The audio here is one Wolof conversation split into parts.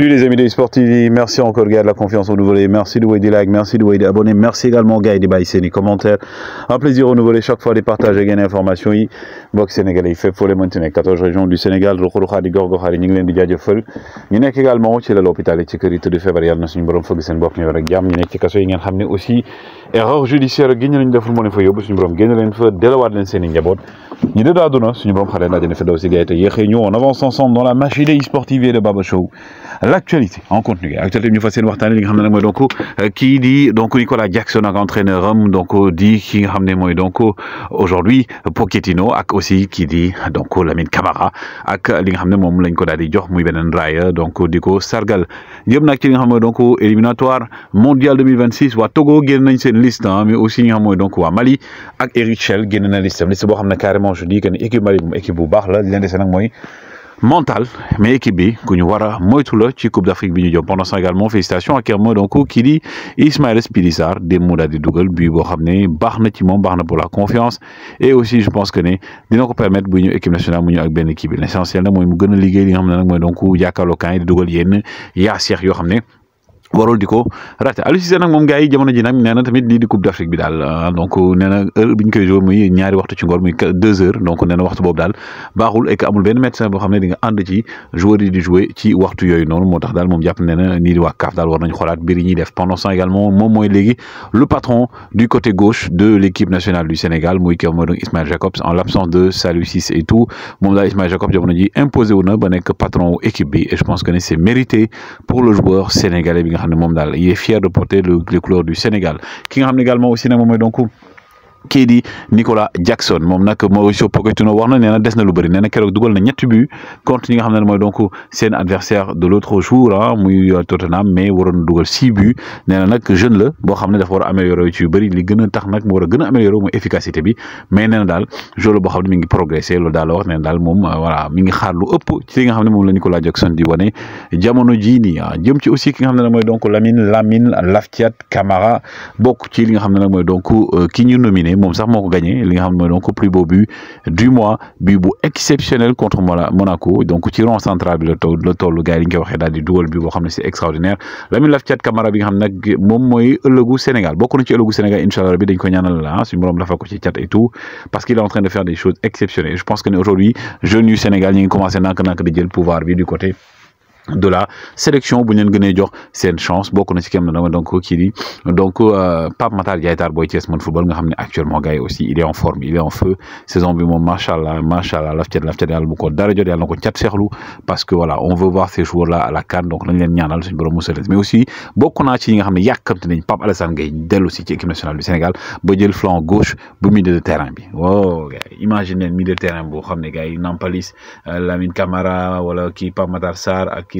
Salut les amis des sportifs, merci encore gars de la confiance renouvelée, merci de vous des likes, merci de vous abonner, merci également Guy de baisser les commentaires. Un plaisir renouvelé chaque fois de partager des information. Box sénégalais, fait pour les 14 régions du Sénégal, Rokoroha, di Gorgoha, di Ninglen, di Djadjofel. Ñu nekk également à l'hôpital et sécurité de février, yalla suñu borom fëgg seen bop ñu rek jamm, ñu nekk ci kasso yi ngeen xamné aussi erreur judiciaire génne ñu deful moo leen fa yóbbu suñu borom génne leen fa delawaat leen seen i ñi ñu dëddu àdduna suñu borom xale laajana fi daw ci gars yi te yéexee on avance ensemble dans la machine sportive et le Baba Show l' en continu actualité ñu fa seen waxtane li nga xamné ne donc euh, ki di donc Nicolas Jackson ak entraîneur am donc euh, di ki nga xamné moy donc euh, aujourd'hui Pochettino ak aussi ki di donc Lamine Camara ak li nga xamné mom lañ ko daal jox muy benen raaya donc di sargal ñëpp nak ci nga xamné donc éliminatoire mondial 2026 wa Togo gën nañ seen liste hein, mais aussi ñi nga donc wa Mali ak Eric Chel génn na liste liste boo xam carrément je dis que équipe Mali équipe bu baax la li leen dese mental mais équipe bi ku ñu war moytu la ci coupe d'Afrique bi ñu jëm pendant ça également félicitations ak Hermo donc qui dit Ismaël Spilizar des mu daal di dougal bii bo xamné baxna ci mom baxna pour la confiance et aussi je pense que né dina ko permettre bu ñu équipe nationale mu ñu ak ben équipe bi l' essentiel nag mooy mu gëna a liggéey li nga xam ne nag mooy donc jàkkaarloo kan di dougal yenn ya cheikh yo xamné warul diko raté Aliou Cissé nag moom gars jamono ji nak néna tamit lii di coupe d'afrique bi dal ah, donc néna na heure bi koy joué muy ñaari waxtu ci ngor muy 2 heures donc néna waxtu boobu dal baxul et que amul ben médecin bo xamné di nga and ci joueur yi di jouer ci waxtu yoy non motax dal mom japp néna ni di wa CAF dal war nañ xoolaat bir yi ñuy def pendant temps également mom moy légui le patron du côté gauche de l'équipe nationale du Sénégal muy kii mooy Ismaël Jacobs en l'absence de Saliou Ciss et tout moom daal Ismaël Jacobs jamono ji imposé wu na ba nek patron équipe bi et je pense que c'est mérité pour le joueur sénégalais bi il est fier de porter les couleurs du Sénégal Qui nga également au cinéma donc kii di Nicolas Jackson moom nag Mauricio Pochettino wax na nee na na lu bari nee kérok keroog dugal na ñetti but contre ñi nga xamné moy donc sen adversaire de l'autre jour hein muy Tottenham mais waron dugal 6 buts nee nak jeune le bo xamné dafa wara améliorer ci yu bëri li gën tax nak mo wara a améliorer mo efficacité bi mais nee dal daal joueur la boo mi ngi progresser loolu dal wax nee dal mom euh, voilà mi ngi xaar lu ëpp ci li nga xamné mom la Nicolas Jackson di wane jamono ji ni ah, jëm ci aussi ki nga xamné moy donc Lamine Lamine Laftiat Camara bokk ci li nga xamné nak moy donc euh, ki ñu nominé gagné moom sax moo gagné li nga xam donc plus beau but du mois but exceptionnel contre Monaco donc tirant en central le la le la toll gars yi ñu koy waxee daal di dugal bi c'est extraordinaire Lamine Laftiat Camara bi nga xam ne mon moom le ëllëgu Sénégal bokk na ci ëllëgu Sénégal Inch'Allah, allah bi dañ ko ñaanal la ah suñu borom dafa ko ci cat et tout parce qu'il est en train de faire des choses exceptionnelles je pense que aujourd'hui jeune du Sénégal ñu ngi commencé nak nak jël pouvoir bi du côté de la sélection bu ñu gëné jox seen chance bokku na ci kenn na donc qui di donc euh, Pape Matar Diaye Boy Thiès man football nga xam actuellement gars yi aussi il est en forme il est en feu saison bi moom machallah machallah la allah laf cat laf bu ko dara jot yàlla ko parce que voilà on veut voir ces joueurs là à la CAN donc nañ leen ñaanal suñu borom musaleen mais aussi bokku na ci nga xam ne yàkkamte nañ Pape Alassane Gueye delu ci équipe nationale du Sénégal ba jël flanc gauche bu milieu de terrain bi wow gars imagine milieu de terrain boo xam ne gars yi Nampalis euh, Lamine Camara wala qui Pape Matar sar ak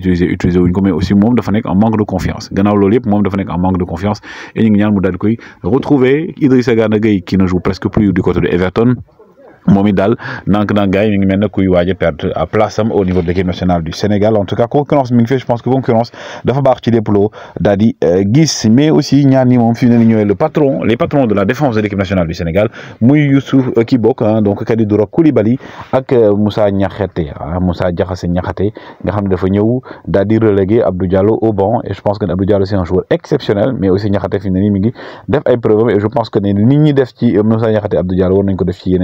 utiliser utiliser ko mais aussi mom dafa en manque de confiance gannaaw loolu yëpp mom dafa en manque de confiance et ñu ngi ñaan mu retrouver Idrissa Gana qui ne joue presque plus du côté de Everton moom it daal ndànk-ndànk mi ngi à euh, place au niveau de l'équipe nationale du Sénégal en tout cas concurrence mi je pense que concurrence dafa baax ci lépp d'Adi euh, Guiss, mais aussi ñaar ñi fi le patron les patrons de la défense de l'équipe nationale du Sénégal Mouy Youssouf Kibok, euh, bokk hein, donc Kalidou Koulibaly ak Moussa Niakhaté hein, Moussa Diakhaté Niakhaté nga xam ne dafa ñëw d'Adi relégué Abdou Diallo au banc et je pense que Abdou Diallo c'est un joueur exceptionnel mais aussi Niakhaté fi mu mi ngi def ay et je pense que les ñi def ci Moussa Niakhaté Abdou Diallo war nañ ko def ci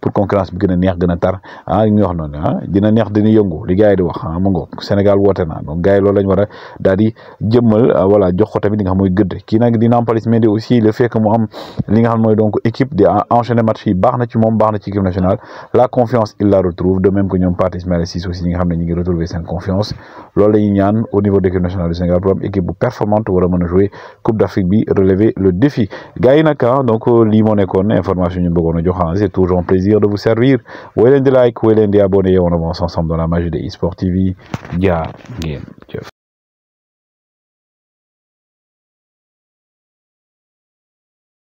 pour concurrence bi gën a neex gëna tar ah ñu wax noonu ah dina neex dina yëngu li gaay di wax ah mu Sénégal woté na donc gaay loolu lañ wara a jëmmal ah, voilà jox ko tamit nga xam mooy gëdd ki nag di Nampalys Mendy aussi le fait que mo am li nga xam moy donc équipe di enchaîner match yi baxna ci mom baxna ci équipe nationale la confiance il la retrouve de même que ñom Pathé Ismaïla Ciss aussi ñi nga xam ne ñi ngi retrouver sa confiance loolu la ñaan au niveau de l'équipe nationale du Sénégal pour équipe bu performante war mëna jouer Coupe d'Afrique bi relever le défi gaay yi ah, donc li mo nekkoon information ñu bëggono a ah, c'est toujours plaisir de vous servir. Wayland de like, elle de abonné. On avance ensemble dans la magie des e-Sport TV. Ya, game,